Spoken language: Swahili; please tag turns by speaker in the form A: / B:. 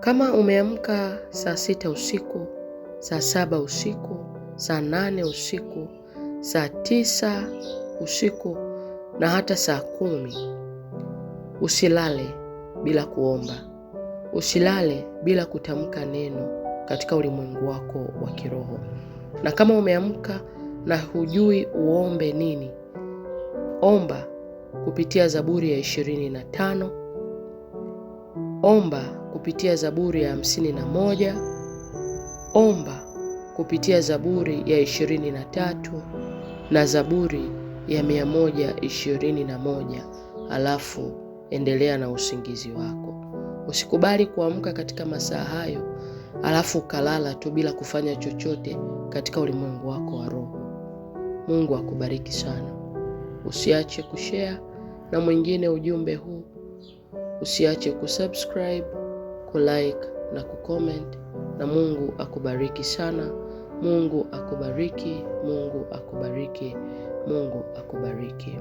A: Kama umeamka saa sita usiku, saa saba usiku, saa nane usiku, saa tisa usiku na hata saa kumi, usilale bila kuomba, usilale bila kutamka neno katika ulimwengu wako wa kiroho. Na kama umeamka na hujui uombe nini, omba kupitia Zaburi ya ishirini na tano. Omba kupitia Zaburi ya hamsini na moja, omba kupitia Zaburi ya ishirini na tatu na Zaburi ya mia moja ishirini na moja alafu endelea na usingizi wako. Usikubali kuamka katika masaa hayo alafu ukalala tu bila kufanya chochote katika ulimwengu wako wa roho. Mungu akubariki sana. Usiache kushare na mwingine ujumbe huu. Usiache kusubscribe kulike na kucomment, na Mungu akubariki sana. Mungu akubariki, Mungu akubariki, Mungu akubariki.